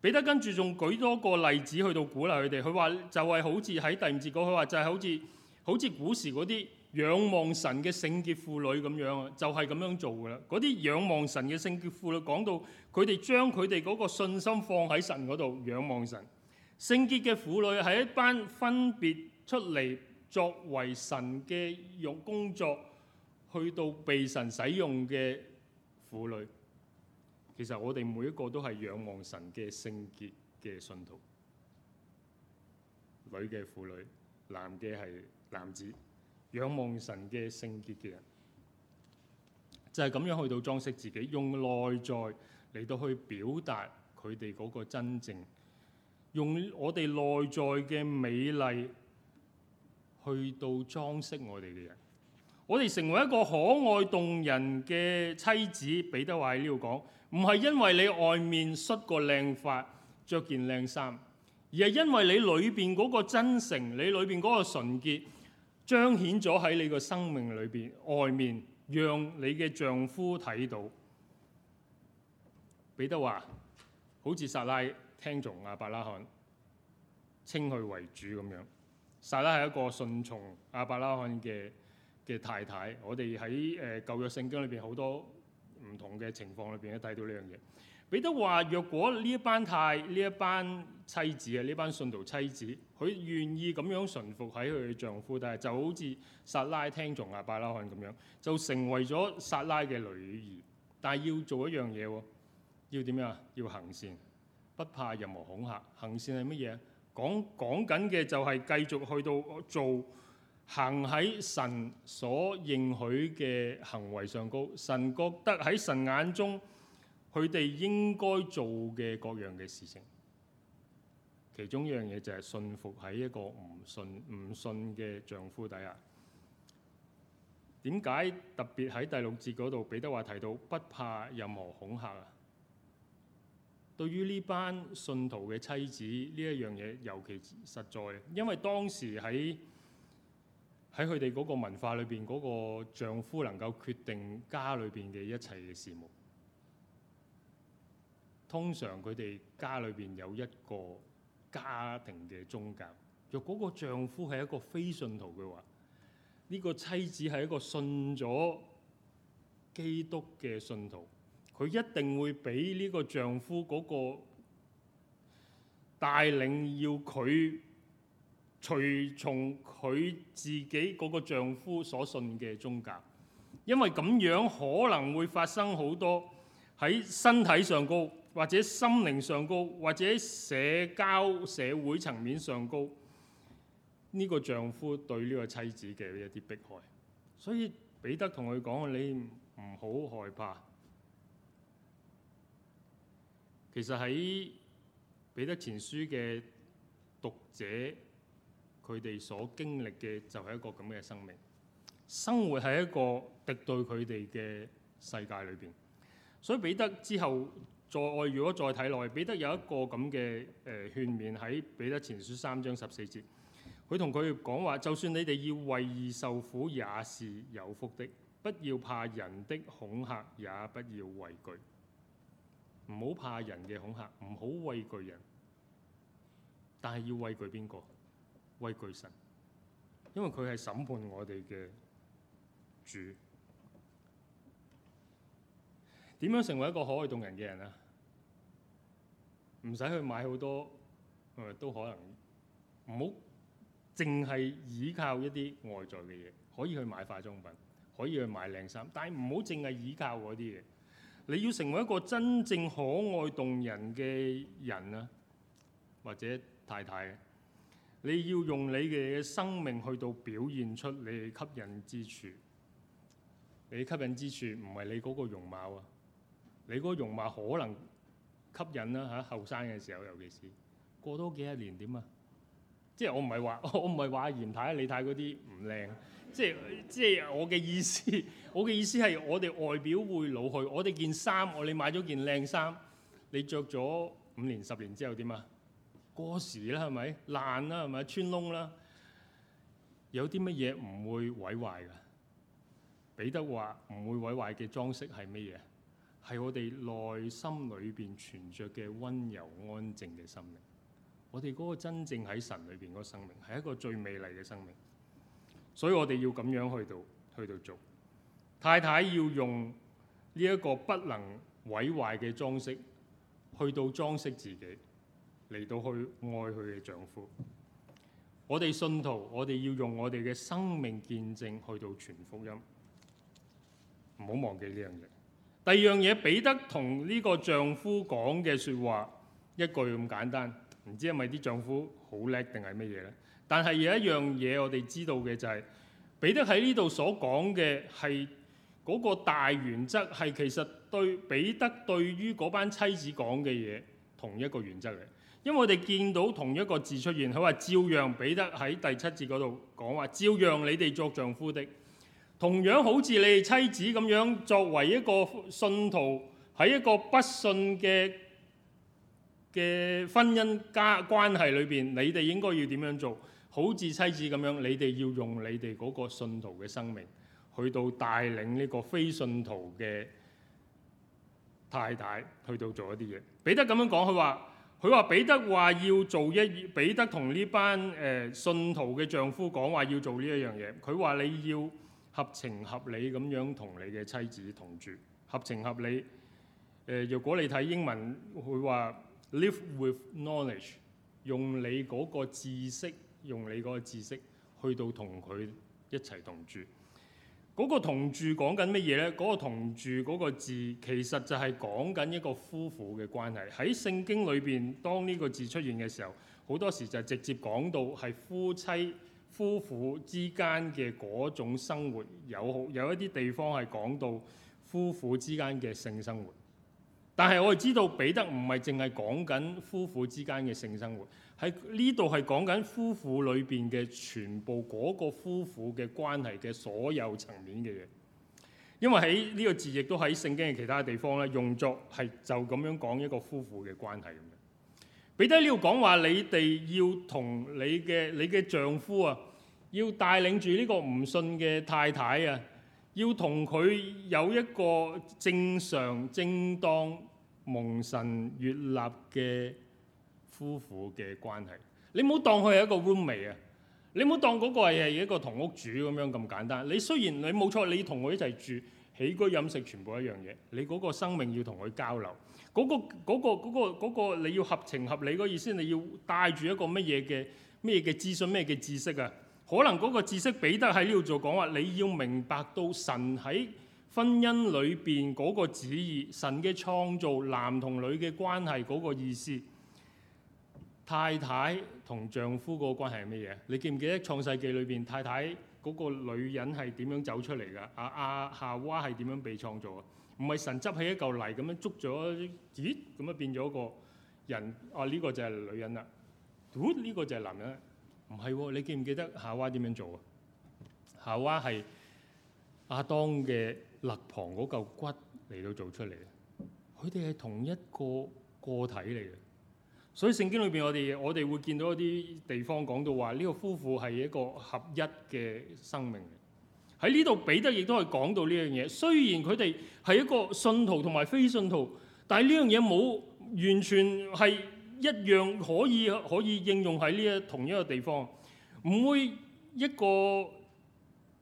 彼得跟住仲舉多個例子去到鼓勵佢哋，佢話就係好似喺第五節嗰，佢話就係好似好似古時嗰啲。仰望神嘅聖潔婦女咁樣啊，就係咁樣做噶啦。嗰啲仰望神嘅聖潔婦女講到佢哋將佢哋嗰個信心放喺神嗰度，仰望神。聖潔嘅婦女係一班分別出嚟作為神嘅用工作，去到被神使用嘅婦女。其實我哋每一個都係仰望神嘅聖潔嘅信徒，女嘅婦女，男嘅係男子。仰望神嘅聖潔嘅人，就係咁樣去到裝飾自己，用內在嚟到去表達佢哋嗰個真正，用我哋內在嘅美麗去到裝飾我哋嘅人。我哋成為一個可愛動人嘅妻子，彼得話喺呢度講，唔係因為你外面梳個靚髮、着件靚衫，而係因為你裏邊嗰個真誠、你裏邊嗰個純潔。彰顯咗喺你個生命裏面，外面讓你嘅丈夫睇到。彼得話：好似撒拉聽從亞伯拉罕稱佢為主咁樣。撒拉係一個順從亞伯拉罕嘅嘅太太。我哋喺、呃、舊約聖經裏面好多唔同嘅情況裏面，都睇到呢樣嘢。彼得話，若果呢一班太，呢一班妻子啊，呢班信徒妻子，佢願意咁樣順服喺佢嘅丈夫，但係就好似撒拉聽從亞、啊、伯拉罕咁樣，就成為咗撒拉嘅女兒。但係要做一樣嘢喎，要點樣啊？要行善，不怕任何恐嚇。行善係乜嘢啊？講講緊嘅就係繼續去到做，行喺神所應許嘅行為上高。神覺得喺神眼中。佢哋應該做嘅各樣嘅事情，其中一樣嘢就係信服喺一個唔信唔信嘅丈夫底下。點解特別喺第六節嗰度，彼得話提到不怕任何恐嚇啊？對於呢班信徒嘅妻子呢一樣嘢，尤其實在，因為當時喺喺佢哋嗰個文化裏邊，嗰個丈夫能夠決定家裏邊嘅一切嘅事務。通常佢哋家裏邊有一個家庭嘅宗教。若果嗰個丈夫係一個非信徒嘅話，呢個妻子係一個信咗基督嘅信徒，佢一定會俾呢個丈夫嗰個帶領，要佢隨從佢自己嗰個丈夫所信嘅宗教。因為咁樣可能會發生好多喺身體上高。或者心靈上高，或者社交社會層面上高，呢個丈夫對呢個妻子嘅一啲迫害，所以彼得同佢講：你唔好害怕。其實喺彼得前書嘅讀者，佢哋所經歷嘅就係一個咁嘅生命，生活喺一個敵對佢哋嘅世界裏邊，所以彼得之後。再，如果再睇落嚟，彼得有一個咁嘅誒勸勉，喺彼得前書三章十四節，佢同佢講話：就算你哋要為義受苦，也是有福的。不要怕人的恐嚇，也不要畏懼。唔好怕人嘅恐嚇，唔好畏懼人，但係要畏懼邊個？畏懼神，因為佢係審判我哋嘅主。點樣成為一個可愛動人嘅人啊？唔使去買好多，誒、呃、都可能唔好淨係依靠一啲外在嘅嘢，可以去買化妝品，可以去買靚衫，但係唔好淨係依靠嗰啲嘢。你要成為一個真正可愛動人嘅人啊，或者太太，你要用你嘅生命去到表現出你嘅吸引之處。你吸引之處唔係你嗰個容貌啊，你嗰個容貌可能吸引啦嚇，後生嘅時候，尤其是過多幾十年點啊？即係我唔係話，我唔係話嚴太啊、李太嗰啲唔靚，即係即係我嘅意思。我嘅意思係我哋外表會老去，我哋件衫，我哋買咗件靚衫，你着咗五年、十年之後點啊？過時啦係咪？爛啦係咪？穿窿啦？有啲乜嘢唔會毀壞㗎？彼得話唔會毀壞嘅裝飾係乜嘢？係我哋內心裏面存着嘅溫柔安靜嘅生命，我哋嗰個真正喺神裏面嗰生命，係一個最美麗嘅生命，所以我哋要咁樣去到去到做。太太要用呢一個不能毀壞嘅裝飾，去到裝飾自己，嚟到去愛佢嘅丈夫。我哋信徒，我哋要用我哋嘅生命見證去到傳福音，唔好忘記呢樣嘢。第二樣嘢，彼得同呢個丈夫講嘅説話一句咁簡單，唔知係咪啲丈夫好叻定係乜嘢呢？但係有一樣嘢我哋知道嘅，就係彼得喺呢度所講嘅係嗰個大原則，係其實對彼得對於嗰班妻子講嘅嘢同一個原則嚟。因為我哋見到同一個字出現，佢話照樣，彼得喺第七節嗰度講話，照樣你哋作丈夫的。同樣好似你妻子咁樣，作為一個信徒喺一個不信嘅嘅婚姻家關係裏邊，你哋應該要點樣做？好似妻子咁樣，你哋要用你哋嗰個信徒嘅生命去到帶領呢個非信徒嘅太太去到做一啲嘢。彼得咁樣講，佢話佢話彼得話要做一彼得同呢班誒信徒嘅丈夫講話要做呢一樣嘢。佢話你要。合情合理咁樣同你嘅妻子同住，合情合理。誒、呃，若果你睇英文，會話 live with knowledge，用你嗰個知識，用你嗰個知識去到同佢一齊同住。嗰、嗰個同住講緊乜嘢呢？嗰個同住嗰個字其實就係講緊一個夫婦嘅關係。喺聖經裏邊，當呢個字出現嘅時候，好多時就直接講到係夫妻。夫婦之間嘅嗰種生活，有好有一啲地方係講到夫婦之間嘅性生活，但係我哋知道彼得唔係淨係講緊夫婦之間嘅性生活，喺呢度係講緊夫婦裏邊嘅全部，嗰個夫婦嘅關係嘅所有層面嘅嘢，因為喺呢個字亦都喺聖經嘅其他地方咧，用作係就咁樣講一個夫婦嘅關係。彼得呢度講話，你哋要同你嘅你嘅丈夫啊，要帶領住呢個唔信嘅太太啊，要同佢有一個正常、正當、蒙神悅納嘅夫婦嘅關係。你唔好當佢係一個 roommate 啊，你唔好當嗰個係一個同屋主咁樣咁簡單。你雖然你冇錯，你同佢一齊住，起居飲食全部一樣嘢，你嗰個生命要同佢交流。嗰個嗰個嗰個嗰個你要合情合理嗰意思，你要帶住一個乜嘢嘅咩嘅資訊咩嘅知識啊？可能嗰個知識彼得喺呢度就講話，你要明白到神喺婚姻裏邊嗰個旨意，神嘅創造男同女嘅關係嗰個意思，太太同丈夫個關係係乜嘢？你記唔記得創世記裏邊太太？嗰、那個女人係點樣走出嚟㗎？阿、啊、阿、啊、夏娃係點樣被創造啊？唔係神執起一嚿泥咁樣捉咗，咦咁樣變咗一個人？啊，呢、這個就係女人啦，呢、呃這個就係男人。唔係喎，你記唔記得夏娃點樣做啊？夏娃係阿當嘅肋旁嗰嚿骨嚟到做出嚟嘅，佢哋係同一個個體嚟嘅。所以聖經裏邊，我哋我哋會見到一啲地方講到話，呢個夫婦係一個合一嘅生命。喺呢度彼得亦都係講到呢樣嘢。雖然佢哋係一個信徒同埋非信徒，但係呢樣嘢冇完全係一樣可以可以應用喺呢一同一個地方。唔會一個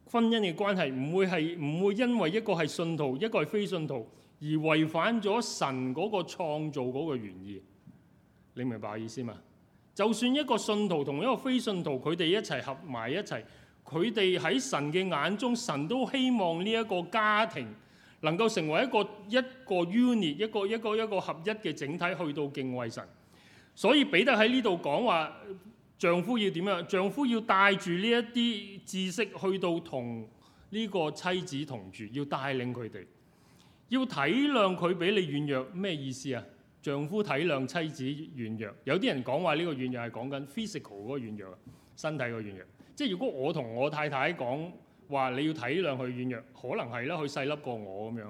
婚姻嘅關係唔會係唔會因為一個係信徒一個係非信徒而違反咗神嗰個創造嗰個原意。你明白我意思嘛？就算一個信徒同一個非信徒，佢哋一齊合埋一齊，佢哋喺神嘅眼中，神都希望呢一個家庭能夠成為一個一個 unit，一個一個一個合一嘅整體去到敬畏神。所以彼得喺呢度講話，丈夫要點樣？丈夫要帶住呢一啲知識去到同呢個妻子同住，要帶領佢哋，要體諒佢比你軟弱，咩意思啊？丈夫體諒妻，妻子軟弱，有啲人講話呢個軟弱係講緊 physical 嗰個軟弱啊，身體個軟弱。即係如果我同我太太講話你要體諒佢軟弱，可能係啦，佢細粒過我咁樣。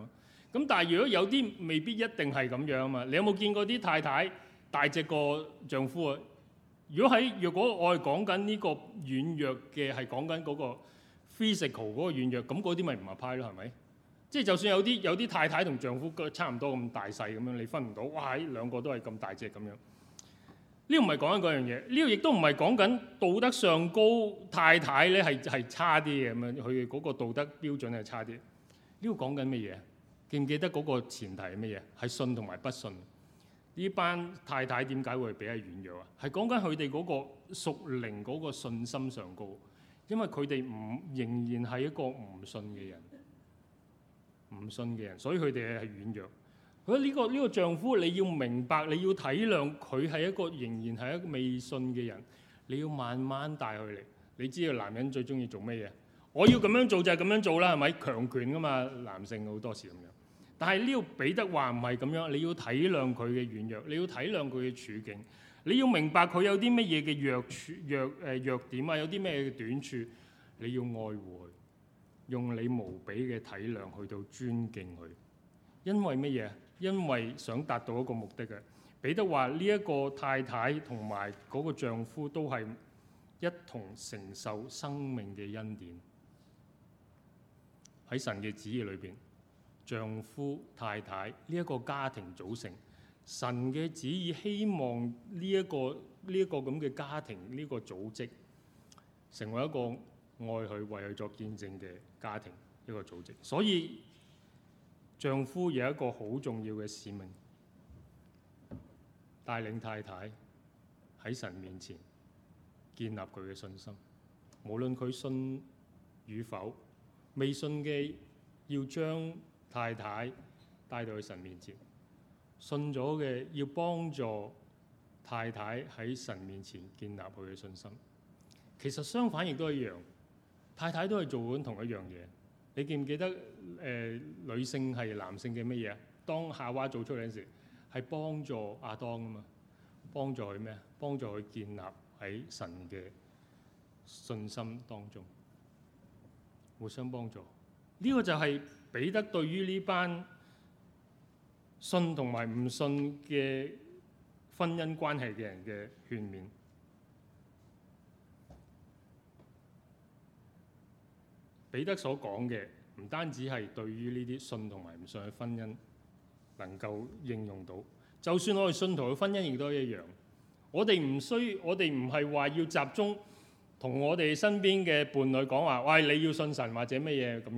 咁但係如果有啲未必一定係咁樣啊嘛。你有冇見過啲太太大隻過丈夫啊？如果喺若果我係講緊呢個軟弱嘅係講緊嗰個 physical 嗰個軟弱，咁嗰啲咪唔係派囉，係咪？即係就算有啲有啲太太同丈夫差唔多咁大細，咁樣你分唔到哇！兩個都係咁大隻，咁樣。呢個唔係講緊嗰樣嘢，呢個亦都唔係講緊道德上高太太咧，係係差啲嘅咁樣，佢嗰個道德標準係差啲。呢個講緊咩嘢？記唔記得嗰個前提係咩嘢？係信同埋不信。呢班太太點解會比較軟弱啊？係講緊佢哋嗰個屬靈嗰個信心上高，因為佢哋唔仍然係一個唔信嘅人。唔信嘅人，所以佢哋係軟弱。咁呢個呢個丈夫，你要明白，你要體諒佢係一個仍然係一個未信嘅人。你要慢慢帶佢嚟。你知道男人最中意做咩嘢？我要咁樣做就係咁樣做啦，係咪？強權噶嘛，男性好多時咁樣。但係呢個彼得話唔係咁樣，你要體諒佢嘅軟弱，你要體諒佢嘅處境，你要明白佢有啲乜嘢嘅弱處弱誒、呃、弱點啊，有啲咩嘢短處，你要愛護佢。用你無比嘅體諒去到尊敬佢，因為乜嘢？因為想達到一個目的嘅，彼得話呢一個太太同埋嗰個丈夫都係一同承受生命嘅恩典。喺神嘅旨意裏邊，丈夫太太呢一個家庭組成，神嘅旨意希望呢一個呢一個咁嘅家庭呢個組織成為一個愛佢、為佢作見證嘅家庭一個組織，所以丈夫有一個好重要嘅使命，帶領太太喺神面前建立佢嘅信心。無論佢信與否，未信嘅要將太太帶到去神面前；信咗嘅要幫助太太喺神面前建立佢嘅信心。其實相反亦都一樣。太太都係做同一樣嘢，你記唔記得？呃，女性係男性嘅乜嘢啊？當夏娃做出嚟嗰陣時候，係幫助阿當吖嘛？幫助佢咩啊？幫助佢建立喺神嘅信心當中，互相幫助。呢、呢個就係彼得對於呢班信同埋唔信嘅婚姻關係嘅人嘅勸勉。彼得所講嘅唔單止係對於呢啲信同埋唔信嘅婚姻能夠應用到，就算我哋信徒嘅婚姻亦都一樣。我哋唔需，我哋唔係話要集中同我哋身邊嘅伴侶講話，喂，你要信神或者乜嘢咁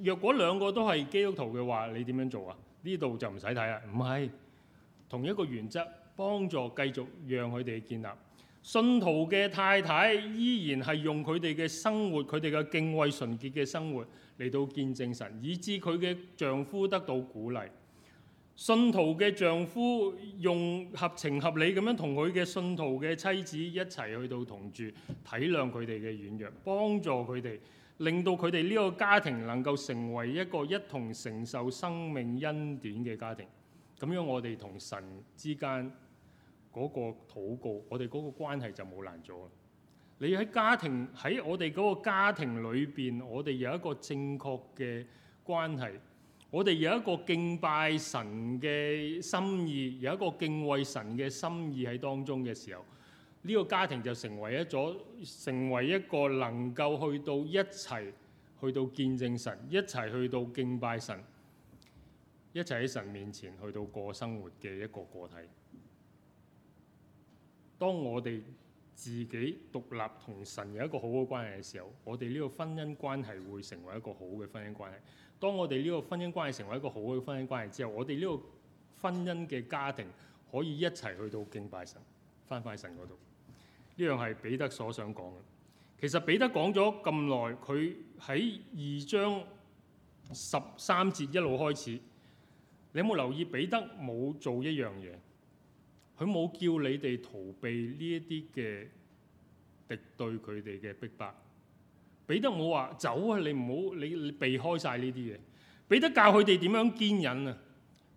樣。若果兩個都係基督徒嘅話，你點樣做啊？呢度就唔使睇啦。唔係同一個原則，幫助繼續讓佢哋建立。信徒嘅太太依然係用佢哋嘅生活，佢哋嘅敬畏純潔嘅生活嚟到見證神，以致佢嘅丈夫得到鼓勵。信徒嘅丈夫用合情合理咁樣同佢嘅信徒嘅妻子一齊去到同住，體諒佢哋嘅軟弱，幫助佢哋，令到佢哋呢個家庭能夠成為一個一同承受生命恩典嘅家庭。咁樣我哋同神之間，嗰個禱告，我哋嗰個關係就冇難做啦。你喺家庭喺我哋嗰個家庭裏邊，我哋有一個正確嘅關係，我哋有一個敬拜神嘅心意，有一個敬畏神嘅心意喺當中嘅時候，呢個家庭就成為一組，成為一個能夠去到一齊，去到見證神，一齊去到敬拜神，一齊喺神面前去到過生活嘅一個個體。當我哋自己獨立同神有一個好好關係嘅時候，我哋呢個婚姻關係會成為一個好嘅婚姻關係。當我哋呢個婚姻關係成為一個好嘅婚姻關係之後，我哋呢個婚姻嘅家庭可以一齊去到敬拜神，翻返神嗰度。呢樣係彼得所想講嘅。其實彼得講咗咁耐，佢喺二章十三節一路開始，你有冇留意彼得冇做一樣嘢？佢冇叫你哋逃避呢一啲嘅敵對佢哋嘅逼迫，彼得冇話走啊！你唔好你，你避開晒呢啲嘢，彼得教佢哋點樣堅忍啊！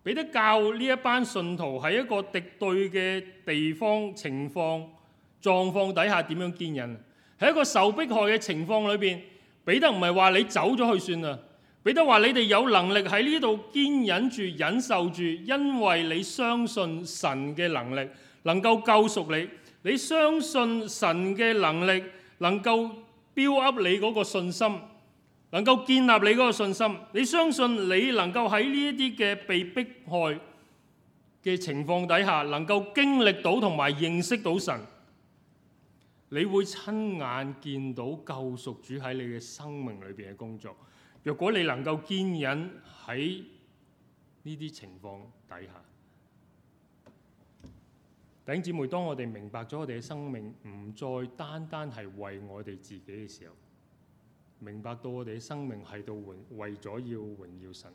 彼得教呢一班信徒喺一個敵對嘅地方情況狀況底下點樣堅忍，喺一個受迫害嘅情況裏邊，彼得唔係話你走咗去算啊！彼得話，你哋有能力喺呢度堅忍住、忍受住，因為你相信神嘅能力能夠救贖你。你相信神嘅能力能夠 build up 你嗰個信心，能夠建立你嗰個信心。你相信你能夠喺呢一啲嘅被迫害嘅情況底下，能夠經歷到同埋認識到神，你會親眼見到救贖主喺你嘅生命裏邊嘅工作。如果你能夠堅忍喺呢啲情況底下，弟兄姊妹，當我哋明白咗我哋嘅生命唔再單單係為我哋自己嘅時候，明白到我哋嘅生命係到榮為咗要榮耀神，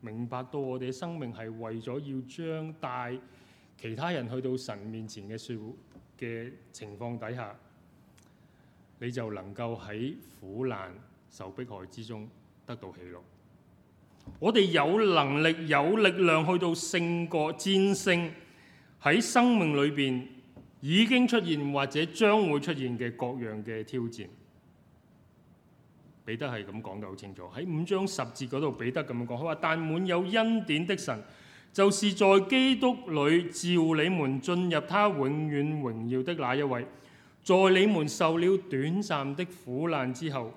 明白到我哋嘅生命係為咗要將帶其他人去到神面前嘅説嘅情況底下，你就能夠喺苦難受迫害之中。得到喜樂，我哋有能力、有力量去到勝過戰勝喺生命裏邊已經出現或者將會出現嘅各樣嘅挑戰。彼得係咁講得好清楚，喺五章十節嗰度，彼得咁樣講，佢話，但滿有恩典的神，就是在基督裏召你們進入他永遠榮耀的那一位，在你們受了短暫的苦難之後，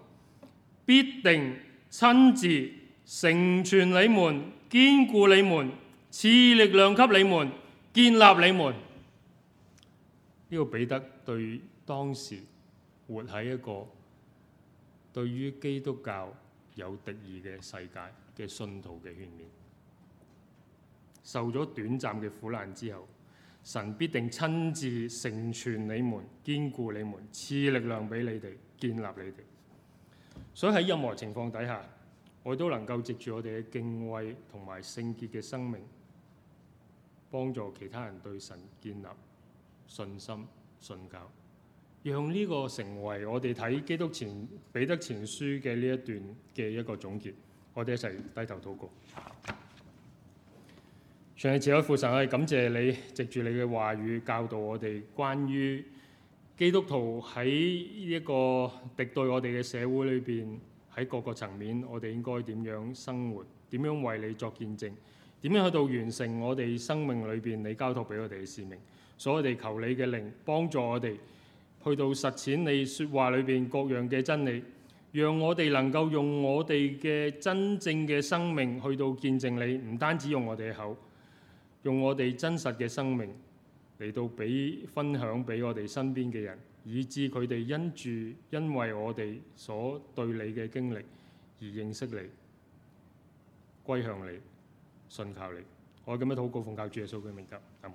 必定。親自成全你們，堅固你們，賜力量給你們，建立你們。呢、這個彼得對當時活喺一個對於基督教有敵意嘅世界嘅信徒嘅勸勉，受咗短暫嘅苦難之後，神必定親自成全你們，堅固你們，賜力量俾你哋，建立你哋。所以喺任何情況底下，我都能夠藉住我哋嘅敬畏同埋聖潔嘅生命，幫助其他人對神建立信心、信教，讓呢個成為我哋睇基督前彼得前書嘅呢一段嘅一個總結。我哋一齊低頭禱告。上帝慈愛父神，我哋感謝你藉住你嘅話語教導我哋關於基督徒喺呢一個敵對我哋嘅社會裏邊，喺各個層面，我哋應該點樣生活？點樣為你作見證？點樣去到完成我哋生命裏邊你交託俾我哋嘅使命？所以我哋求你嘅靈幫助我哋去到實踐你說話裏邊各樣嘅真理，讓我哋能夠用我哋嘅真正嘅生命去到見證你，唔單止用我哋嘅口，用我哋真實嘅生命。嚟到俾分享俾我哋身邊嘅人，以致佢哋因住因為我哋所對你嘅經歷而認識你、歸向你、信靠你。我咁樣禱告奉救主嘅耶穌明德，咁。